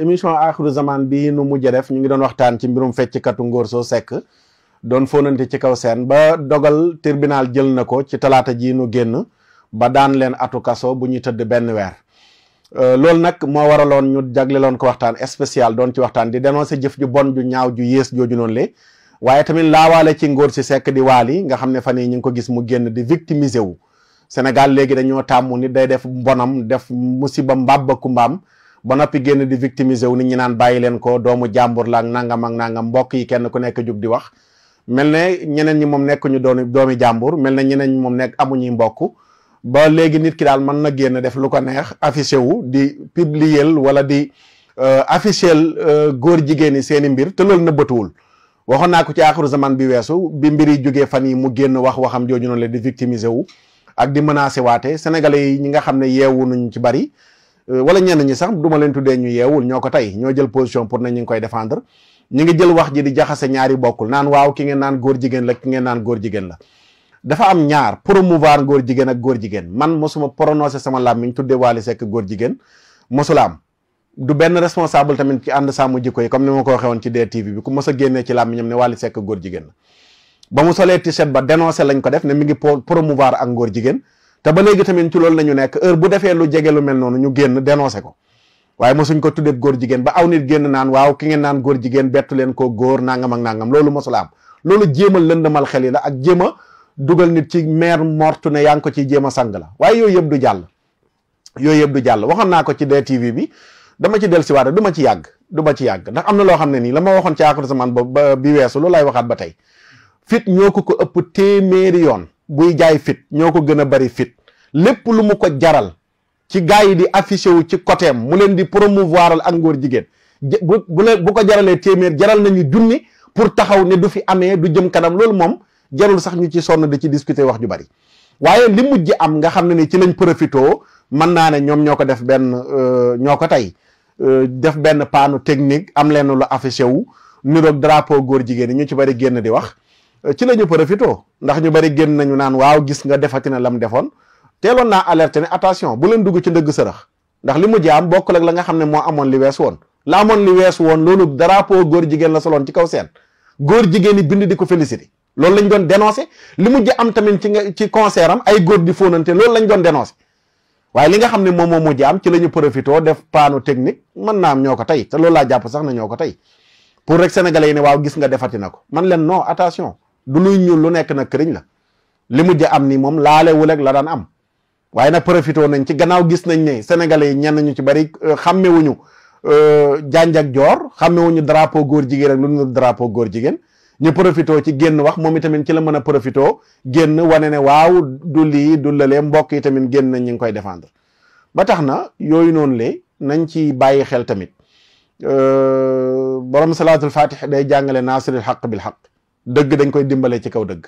émission axiru zaman bi nu mujj def ñu ngi doon waxtaan ci mbirum fecckatu ngóor soo sekk doon fóonante ci kaw seen ba dogal tirbinal jël na ko ci talaata ji nu génn ba daan leen atu kaso bu ñuy tëdd benn weer euh, loolu nag moo waraloon ñu jagleloon ko waxtaan spécial doon ci waxtaan di dénoncé jëf ju bon ju ñaaw ju yées jooju noonu le waaye tamit laawaale ci ngóor si sekk di waali nga xam ne fan yii ñu ngi ko gis mu génn di victimiser wu Sénégal léegi dañoo tàmm nit day def mbonam def musiba mbàbba kumbaam ba noppi génn di victimiser wu nit ñi naan bàyyi leen ko doomu jàmbur la ak nangam ak nangam mbokk yi kenn ku nekk jug di wax mel ne ñeneen ñi moom nekk ñu doon doomi jàmbur mel ne ñeneen ñi moom nekk amuñuy mbokk ba léegi nit ki daal mën na génn def lu ko neex affiché wu di pibliel wala di euh, affiché euh, góor jigéen ñi seen i mbir te loolu nëbbatuwul waxoon naa ko ci aaxiru zaman bi weesu bi mbir yi jógee fan yi mu génn wax waxam jooju na leen di victimiser wu ak di menacer waate sénégalais yi ñi nga xam ne yeewu nañu ci bari Euh, wala ñenn ñi sax du ma leen tuddee ñu yeewul ñoo ko tey ñoo jël position pour na ñu ngi koy défendre ñu ngi jël wax ji di jaxase ñaari bokkul naan waaw ki ngeen naan góor jigéen la ki ngeen naan góor jigéen la dafa am ñaar promouvoir góor jigéen ak góor jigéen man mosuma prononcé sama làmmiñ tuddee Wally sekk góor jigéen mosula am du benn responsable tamit ci ànd sàmm jikko yi comme ni ma ko waxee woon ci DTV bi ku mos a génnee ci làmmiñam ne Wally Seck góor jigéen la ba mu solee ko def ne mi ngi promouvoir ak góor jigéen te ba léegi tamit ci loolu la ñu nekk heure bu defee lu jege lu mel noonu ñu génn dénoncé ko waaye mosuñ ko tuddee góor jigéen ba aw nit génn naan waaw ki ngeen naan góor jigéen bettu leen ko góor nangam ak nangam loolu mosul am loolu jéem a lëndamal xel yi la ak jéema dugal nit ci mère morte ne yaa ngi ko ciy jéem a sang la waaye yooyu yëpp du jàll yooyu yëpp du jàll waxoon naa ko ci DTV bi dama ci del siwaat du ma ci yàgg du ma ci yàgg ndax am na loo xam ne nii la ma waxoon ci àxru zaman ba bi weesu loolu laay ba tey fit ñoo ko ko ëpp téeméeri yoon buy jaay fit ñoo ko gën a bari fit lépp lu mu ko jaral ci gars yi di affiché wu ci côté mu leen di promouvoiral ak ngóor jigéen bu bu ko jaralee téeméer jaral nañu junni pour taxaw ne du fi amee du jëm kanam loolu moom jarul sax ñu ci sonn di ci discuter wax ju bari waaye li mujj am nga xam ne ni ci lañ profitoo mën naa ne ñoom ñoo ko def benn euh, ñoo ko tey euh, def benn paanu technique am leen lu affiché wu niroog drapeau góor jigéen ñi ñu ci bari génn di wax ci la ñu profité ndax ñu bari génn nañu naan waaw gis nga defati na lam defoon teeloon naa alerté ne attention bu leen dugg ci ndëgg sërax ndax li mu jaam bokk ak la nga xam ne moo amoon li wees woon la amoon li wees woon loolu drapeau góor jigéen la soloon ci kaw seen góor jigéen yi bind di ko félicité loolu lañ doon dénoncé li mujj am tamit ci nga ci concert ay góor di fóonante loolu lañ doon dénoncé waaye li nga xam ne moom moo mujj am ci la ñu profité def paano technique mën naa am ñoo ko tey te loolu laa jàpp sax na ñoo ko tey pour rek sénégalais yi ne waaw gis nga defati na ko man leen non attention du luy ñu lu nekk nag këriñ la li ja am ni moom laalewul ak la daan am waaye nag profité nañ ci gannaaw gis nañ ne sénégalais yi ñenn ñu ci bari euh, xàmmewuñu euh, janj ak joor xàmmewuñu drapeau góor jigéen ak lu ñu drapeau góor jigéen ñu profité ci génn wax moom itamit ci la mën a profité génn wane ne waaw du lii du lalee mbokk yi tamit génn nañ ñu ngi koy défendre ba tax na yooyu noonu le nañ ci bàyyi xel tamit euh, borom salaatul fatih day jàngale naasiril xaq bil xaq dëgg dañ koy dimbalee ci kaw dëgg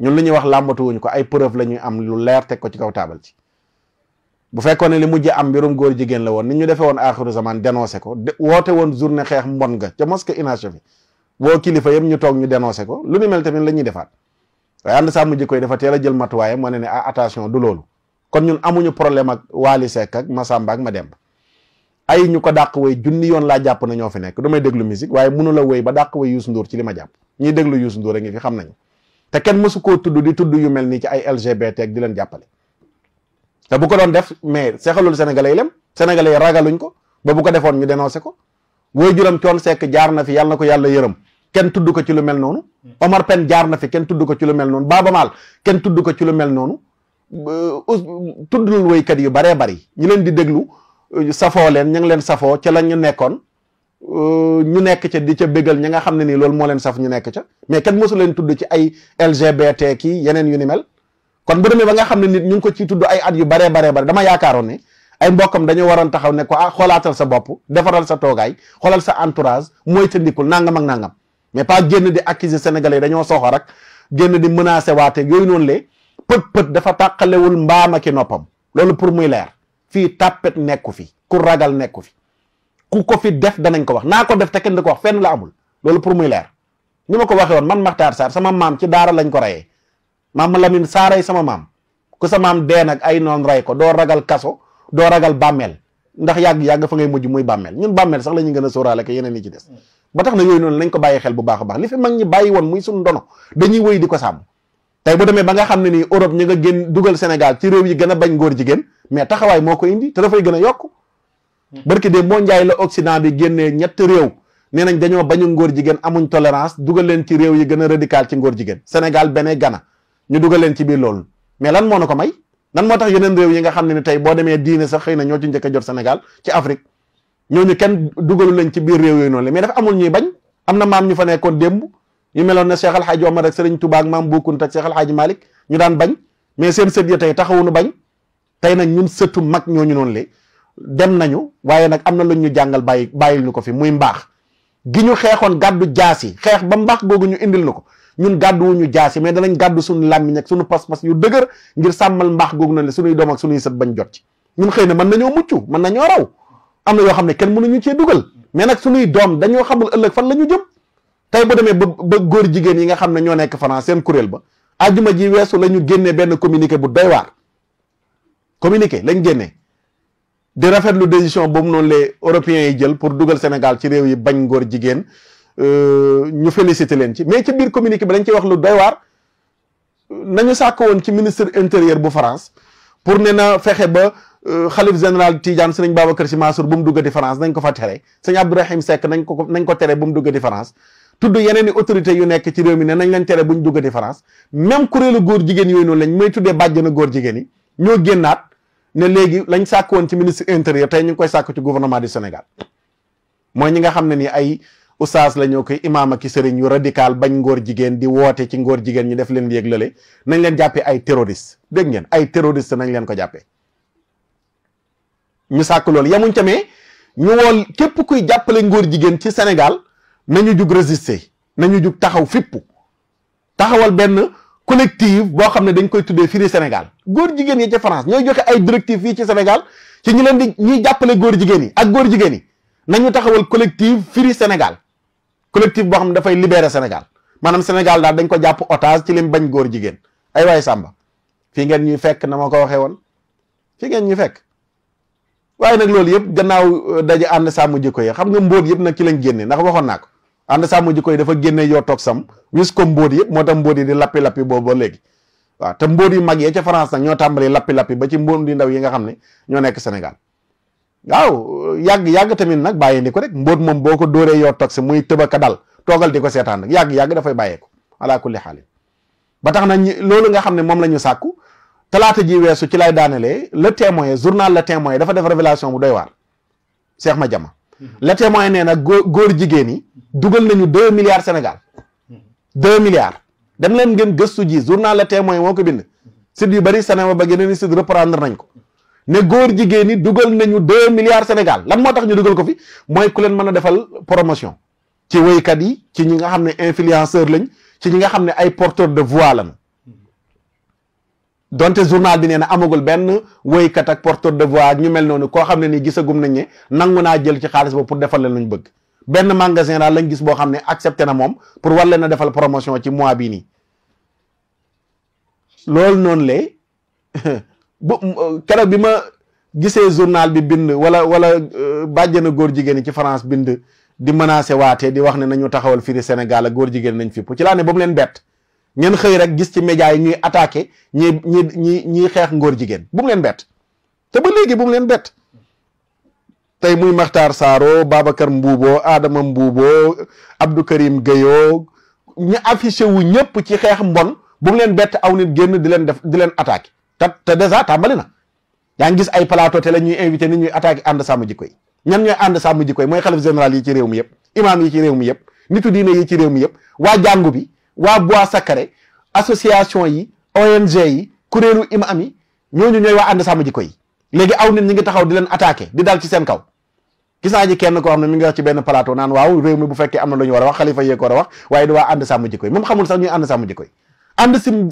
ñun li ñuy wax làmbatuwuñ ko ay preuve la ñuy am lu leer teg ko ci kaw taabal ci bu fekkoon ne li mujj am mbirum góor jigéen la woon nit ñu defee woon axiru zaman dénoncé ko woote woon journée xeex mbon nga ca mosquée inachevé woo kilifa yëpp ñu toog ñu dénoncé ko lu mu mel tamit la ñuy defaat waaye ànd sàmm jikko yi dafa teel a jël matuwaayam moo ne ne ah du loolu kon ñun amuñu problème ak Wally Seck ak ma ak Mademba ay ñu ko dàq woy junni yoon laa jàpp na ñoo fi nekk damay déglu musique waaye mënu la woy ba dàq woy Youssou Ndour ci li ma jàpp ñiy déglu Youssou Ndour a ngi fi xam nañ te kenn mësu koo tudd di tudd yu mel nii ci ay LGBT ak di leen jàppale te bu ko doon def mais seexalul sénégalais yi lem sénégalais yi ragaluñ ko ba bu ko defoon ñu dénoncé ko woy juram coon sekk jaar na fi yàlla ko yàlla yërëm kenn tudd ko ci lu mel noonu Omar jaar na fi kenn tudd ko ci noonu Baaba Maal kenn tudd ko ci lu mel noonu woykat yu baree bari ñi leen di déglu Euh, safoo leen ña ngi leen safoo ca la ñu nekkoon euh, ñu nekk ca di ca bégal ñi nga xam ne nii loolu moo leen saf ñu nekk ca mais kenn mosuleen leen tudd ci ay LGBT ki yeneen yu ni mel kon bu demee ba nga xam ne nit ñu ngi ko ciy tudd ay at yu baree baree bare dama yaakaaroon ni ay mbokkam dañoo waroon taxaw ne ko ah xoolaatal sa bopp defaral sa toogaay xoolal sa entourage mooy tëndikul nangam ak nangam mais pas génn di accuser sénégalais dañoo soxor ak génn di menacer waate yooyu noonu le pët pët dafa tàqalewul mbaam ak i noppam pour muy leer fii tàppet nekku fi ku ragal nekku fi ku ko fi def danañ ko wax naa ko def te kenn di ko wax fenn la amul loolu pour muy leer ni ma ko waxee woon man Makhtar Sarr sama maam ci daara lañ ko reyee maam Lamine Saaray sama maam ku sa maam dee nag ay noon ray ko doo ragal kaso doo ragal bàmmeel ndax yàgg-yàgg fa ngay mujj muy bàmmeel ñun bàmmeel sax la ñu gën a sóoraale ak yeneen yi ci des ba tax na yooyu noonu lañ ko bàyyi xel bu baax a baax li fi mag woon muy suñ ndono dañuy wëy di ko sàmm tey bu demee ba nga xam ne nii Europe ñu nga génn dugal Sénégal ci réew yi gën a bañ góor jigéen mais taxawaay moo ko indi te dafay gën a yokk barki de moo njaay la Occident bi génnee ñett réew nee nañ dañoo bañu ngóor jigéen amuñ tolérance dugal leen ci réew yi gën a radical ci ngoor jigéen Sénégal benee gana ñu dugal leen ci biir loolu mais lan moo na ko may lan moo tax yeneen réew yi nga xam ne ni tey boo demee diine sax xëy na ñoo ci njëkk a jot Sénégal ci Afrique ñooñu kenn dugalu leen ci biir réew noonu la mais dafa amul ñuy bañ am na maam ñu fa nekkoon démb yu meloon ne Cheikh Al Hadj Omar ak Serigne Touba ak maam Boukounta ak Cheikh Al ñu daan bañ mais seen sët ya tey taxawuñu bañ tey nag ñun sëtu mag ñooñu noonu le dem nañu waaye nag am na luñ ñu jàngal bàyyi bàyyil ñu ko fi muy mbaax gi ñu xeexoon gàddu jaas yi xeex ba mbaax googu ñu indil na ko ñun gàddu wuñu jaas yi mais danañ gàddu suñu làmmiñ ak suñu pas-pas yu dëgër ngir sàmmal mbaax googu noonu le suñuy doom ak suñuy sët bañ jot ci ñun xëy na mën nañoo mucc mën nañoo raw am na yoo xam ne kenn mënuñu cee dugal mais nag suñuy doom dañoo xamul ëllëg fan la ñu jëm tey bu demee ba ba góor jigéen yi nga xam ne ñoo nekk France seen kuréel ba ajuma ji weesu la ñu génnee benn communiqué bu doy waar communiqué lañ génnee di rafetlu décision boobu noonu les européens yi jël pour dugal Sénégal ci réew yi bañ góor jigéen euh, ñu félicité leen ci mais ci biir communiqué bi dañ ciy wax lu doy waar nañu sàkk woon ci ministre intérieur bu France pour ne na fexe ba euh, xalif général Tidiane sëriñ Babacar Sy Mansour bu mu duggati France nañ ko fa tere sëñ Abdourahim nañ ko nañ ko tere bu mu duggati France tudd yeneen i autorité yu nekk ci réew mi ne nañ leen tere buñ duggati France même kuréelu góor jigéen yooyu noonu lañ may tuddee bàjjana góor jigéen yi ñoo génnaat ne léegi lañ sàkk woon ci ministre intérieur tey ñu ngi koy sàkk ci gouvernement du Sénégal mooy ñi nga xam ne ni ay oustaz la ñoo koy imaam ak sëriñ yu radical bañ ngóor jigéen di woote ci ngóor jigéen ñu def leen yëg lële nañ leen jàppee ay terroriste dégg ngeen ay terroriste nañ leen ko jàppee ñu sàkk loolu yamuñ tamee ñu képp kuy jàppale ngóor jigéen ci Sénégal nañu jug résister nañu jug taxaw fippu taxawal benn collectif boo xam ne dañ koy tuddee firi Sénégal góor jigéen yi ca France ñooy joxe ay directives fii ci Sénégal ci ñu leen di ñuy jàppale góor jigéen yi ak góor jigéen yi nañu taxawal collectif firi Sénégal collectif boo xam ne dafay libérer Sénégal maanaam Sénégal daal dañ ko jàpp otage ci leen bañ góor jigéen ay waay sàmba fii ngeen ñuy fekk na ma ko waxee woon fii ngeen ñuy fekk waaye nag loolu yëpp gannaaw euh, daje ànd sàmm jikko yi xam nga mbóot yëpp nag ci lañ génne ndax waxoon naa ko ànd sàmm jikko yi dafa génne yoo toog sam wis ko mbóot yëpp moo tax mbóot yi di lappi-lappi boobu ba léegi waaw te mbóot yi mag yee ca France nag ñoo tàmbali lappi-lappi ba ci mbóot yi ndaw yi nga xam ne ñoo nekk Sénégal waaw yàgg-yàgg tamit nag bàyyi ndi ko rek mbóot moom boo ko dóoree yoo toog si muy tëbaka dal toogal di ko seetaan nag yàgg-yàgg dafay bàyyeeku ala kulli ba tax na loolu nga xam ne moom la ñu sàkku talaata ji weesu ci lay daanelee le témoin journal le témoin dafa def révélation bu doy waar Cheikh Madiama le témoin nee na góor góor jigéen yi dugal nañu deux milliards Sénégal deux milliards dem leen ngeen gëstu ji journal le témoin moo ko bind site yu bëri Sénégal ba yeneen i site reprendre nañ ko ne góor jigéen yi dugal nañu deux milliards Sénégal lan moo tax ñu dugal ko fi mooy ku leen mën a defal promotion ci woykat yi ci ñi nga xam ne influenceur lañ ci ñi nga xam ne ay porteur de la na donte journal bi nee na amagul benn woykat ak porteur de voix ak ñu mel noonu koo xam ne nii gisagum nañ ne nangu naa jël ci xaalis ba pour defal leen luñ bëgg benn magasin daal lañ gis boo xam ne accepté na moom pour war leen a defal promotion ci mois bi nii loolu noonu le bu euh, keroog bi ma gisee journal bi bind wala wala euh, bàjjana góor jigéen ci France bind di menacé waatee di wax ne nañu taxawal firi Sénégal ak góor jigéen nañ fipp ci laa ne ba mu leen bett ngeen xëy rek gis ci médias yi ñuy attaqué ñi ñi ñi ñiy xeex ngóor jigéen bu mu leen bett te ba léegi bu mu leen bett tey muy Makhtar Saaro Babacar Mbuubo Adama Mbuubo Abdou Karim Guèye ñu affiché wu ñëpp ci xeex mbon bu mu leen bett aw nit génn di leen def di leen attaqué te te dèjà tàmbali na yaa ngi gis ay palato te la ñuy invité nit ñuy attaqué ànd sàmm jikko yi ñan ñooy ànd sàmm jikko yi mooy xalif général yi ci réew mi yëpp imaam yi ci réew mi yëpp nitu diine yi ci réew mi yëpp waa jàngu bi waa Bois Sacré association yi ONG yi kuréelu imam yi ñooñu ñooy waa ànd sàmm jikko yi léegi aw nit ñi ngi taxaw di leen attaqué di daal ci seen kaw gis naa a kenn koo xam ne mi ngi wax ci benn plateau naan waaw réew mi bu fekkee am na lu ñu war a wax xalifa yee ko war a wax waaye du waa ànd sàmm yi moom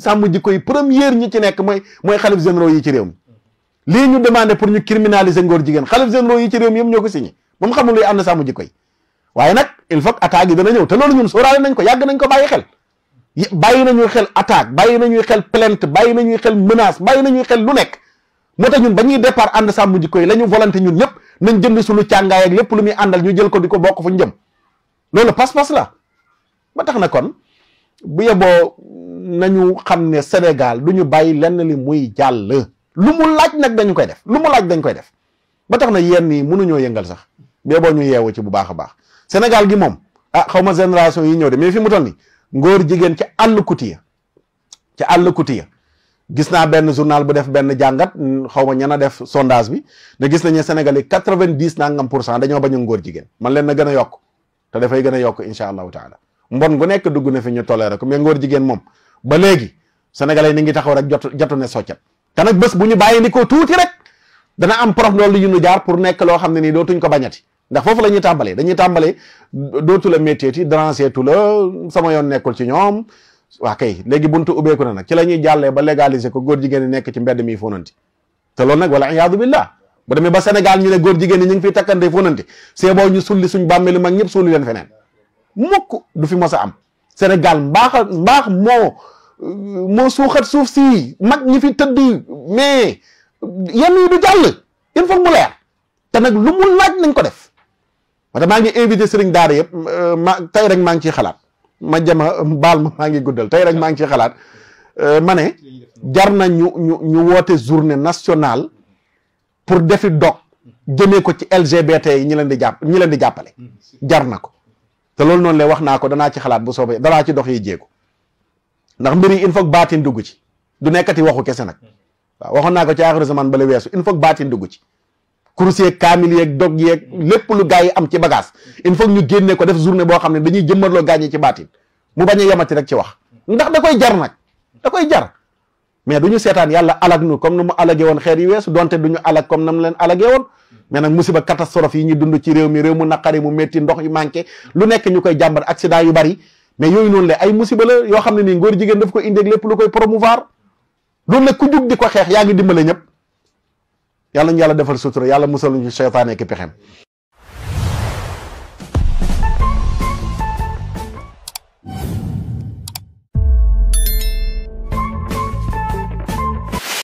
xamul ñi ci nekk mooy mooy xalif yi ci réew mi lii ñu demandé pour ñu criminaliser ngóor jigéen xalif généraux yi ci ko ñëw te ñun sóoraale nañ ko yàgg nañ ko bàyyi xel bàyyi nañuy xel attaque bàyyi nañuy xel plainte bàyyi nañuy xel menace bàyyi nañu xel lu nekk moo tax ñun ba ñuy départ ànd sàmm jikko yi la ñu volonté ñun ñëpp nañ jënd suñu càngaay ak lépp lu muy àndal ñu jël ko di ko bokk fu ñu jëm loolu pas-pas la ba tax na kon bu yeboo nañu xam ne Sénégal du ñu bàyyi lenn li muy jàll lu mu laaj nag dañ koy def lu mu laaj dañ koy def ba tax na yenn yi mënuñoo yëngal sax bu yeboo ñu yeewu ci bu baax a baax Sénégal gi moom ah xaw ma génération yi ñëw de mais fi mu toll nii ngóor jigéen ca àll kutiya ca àll kutiya gis naa benn journal bu def benn jàngat xaw ma ñan a def sondage bi ne gis nañu Sénégal yi quatre vingt dix nangam pour cent dañoo bañ a ngóor jigéen man leen na gën a yokk te dafay gën a yokk incha allah taala mbon gu nekk dugg na fi ñu toléré ko mais ngóor jigéen moom ba léegi sénégalais yi ni ngi taxaw rek jotu jotu ne soccet te nag bés bu ñu bàyyi ni ko tuuti rek dana am prof loolu yu ñu jaar pour nekk loo xam ne ni dootuñ ko bañati ndax foofu la ñuy tàmbalee dañuy tàmbalee dootu la métteeti dranseetu la sama yoon nekkul ci ñoom waa kay léegi buntu ubbeeku na nag ci la ñuy jàllee ba légaliser ko góor jigéen ñi nekk ci mbedd mi fonanti te loolu nag wala iyaadu billah bu demee ba Sénégal ñu ne góor jigéen ñi ñu ngi fiy takkante fonanti see boo ñu sulli suñ bàmmeelu mag ñëpp suuli leen feneen mukk du fi mos a am Sénégal mbaax a mbaax moo moo suuxat suuf si mag ñi fi tëdd mais yenn yi du jàll te nag lu ko def wala maa ngi invité sëriñ daara yëpp euh, ma tey rek maa ngi ciy xalaat ma jama baal ma maa ngi guddal tey rek maa ngi xalaat euh, ma ne jar na ñu ñu ñu woote journée nationale pour defi dog jëmee ko ci LGBT yi ñi leen di jàpp ñi leen di jàppale jar na ko te loolu noonu la wax naa ko danaa ci xalaat bu soobee danaa ci dox yi jéego ndax mbir in il faut baatin dugg ci du nekkati waxu kese nag waaw waxoon naa ko ci aaxiru zaman bale weesu il faut baatin dugg ci course yeeg kaamil yeeg dog yeeg lépp lu gars am ci bagage il faut ñu génne ko def journée boo xam ne dañuy jëmmaloo gaañee ci baatin mu bañ a rek ci wax ndax da koy jar nag da koy jar mais du ñu seetaan yàlla alag nu comme nu alagee woon xeer yu weesu donte du ñu alag comme na mu leen alagee woon mais nag musiba catastrophe yi ñu dund ci réew mi réew mu naqari mu métti ndox yu manqué lu nekk ñu koy jàmbar accident yu bari mais yooyu noonu la ay musiba la yoo xam ne nii ngóor jigéen ko indi ak lépp lu koy promouvoir loolu ko xeex yaa ngi dimbale ñëpp yàlla ñu yàlla defal sutura yàlla musal ñu seytaane ki pexem